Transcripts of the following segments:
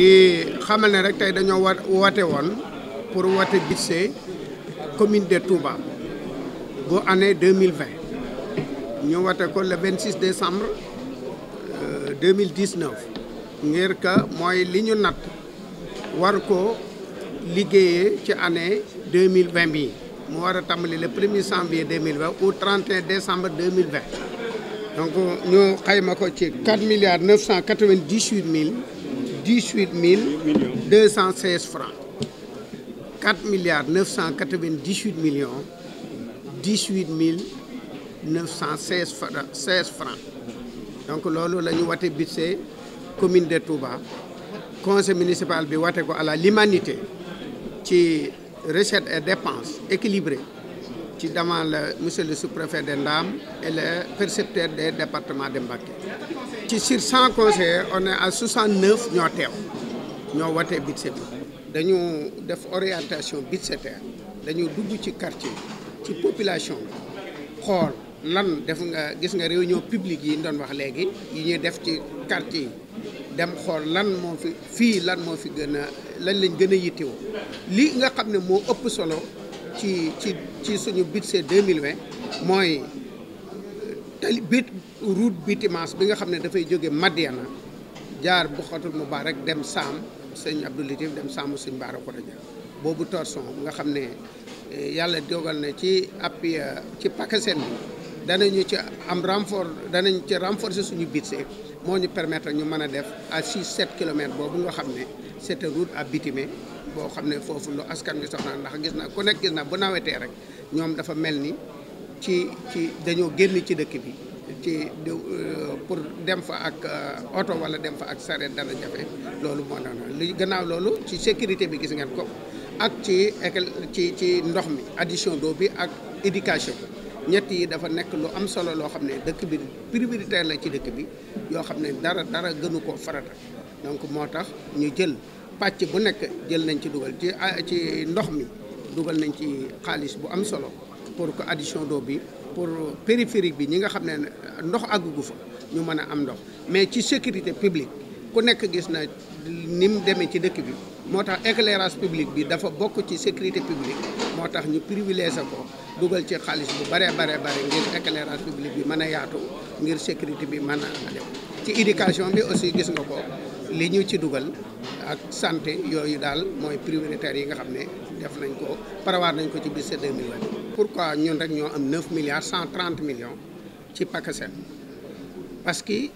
di xamal ne rek tey dañoo wa woote woon pour woote budget commune de Touba bu année deux mille vingt ñu woote ko le vingt six décembre euh, deux mille dix neuf ngir que mooy li ñu natt war ko liggéeyee ci année deux mille vingt bii mu war a tàmbali le premier janvier deux mille au trente et un décembre deux mille vingt donc ñu xayma ko ci quatre milliards neuf cent quatre dix huit mille. dix-huit mille deux cent seize francs quatre milliards neuf cent quatre-vingt-dix-huit millions dix-huit mille neuf cent seize francs donc loolu la ñu wate budget commune de Touba conseil municipal bi wate ko à la l'unanimité ci recette et dépense équilibrée ci devant le monsieur le sous-préfet de Ndam et le percepteur des départements de Mbacké ci sur 100 conseillers on est à 69 ñoo teew ñoo watee budget bi dañu def orientation budgétaire dañu dugg ci quartier ci population xool lan def nga gis nga réunion publique yi ñu doon wax léegi yi ñuy def ci quartier yi dem xool lan moo fi fii lan moo fi gën a lan lañ gën a yittewoo li nga xam ne moo ëpp solo ci ci ci suñu budget 2020 mooy euh, tali bit route Bitimas bi nga xam ne dafay jóge Madiana jaar bu baar Moubarak dem Saam sëñ Abdou Latif dem Saamu sëñ Baara Khourédia boobu torson nga xam ne euh, yàlla dogal na ci appui euh, ci pakaseen bi ñu ci am renfort danañ ci renforcer suñu budget moo ñu permettre ñu mën a def à 6 7 kilomètres boobu nga xam ne c' est une route à bitumer boo xam ne foofu lu askan bi soxla ndax gis na ku nekk gis na bu nawetee rek ñoom dafa mel ni ci ci dañoo génn ci dëkk bi ci euh, pour dem fa ak euh, oto wala dem fa ak sareet dana jafe loolu moo doon li gannaaw loolu ci sécurité bi gis ngeen ko ak ci ci ci ndox mi addition d'eau bi ak éducation ñett yi dafa nekk lu am solo loo xam ne dëkk bi prioritaire la ci dëkk bi yoo xam ne dara dara gënu koo farata donc moo tax ñu jël pàcc bu nekk jël nañ ci dugal ci ah, ci ndox mi dugal nañ ci xaalis bu am solo pour que addition d'eau bi pour périphérique bi ñi nga xam ne ndox àggugu fa ñu mën a am ndox mais ci sécurité publique ku nekk gis na ni mu demee ci dëkk bi moo tax éclairage public bi dafa bokk ci sécurité publique moo tax ñu privilégié ko dugal ci xaalis bu baree bare bare ngir éclairage public bi mën a yaatu ngir sécurité bi mën a dem ci éducation bi aussi gis nga ko li ñu ci dugal ak santé yooyu daal mooy prioritaire yi nga xam ne def nañ ko parawaat nañ ko ci bis 2020 pourquoi ñun rek ñoo am 9 milliards 130 millions ci PACASEN parce que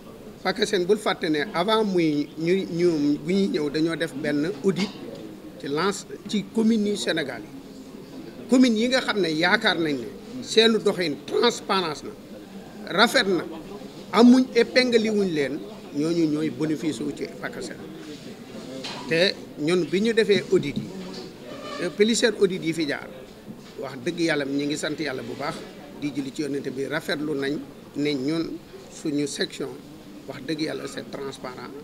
parce seen bul fàtte ne avant muy ñuy ñu bu ñuy ñëw dañoo def benn audit ci lance ci communes yi Sénégal yi communes yi nga xam ne yaakaar nañ ne seenu doxin transparence na rafet na amuñ épingle leen ñooñu ñooy bénéfice wu ci PACASEN te ñun bi ñu defee audit yi euh, plusieurs audit yi fi jaar wax dëgg yàlla ñi ngi sant yàlla bu baax di julli ci yonente bi rafetlu nañ ne ñun suñu section wax dëgg yàlla c'est transparent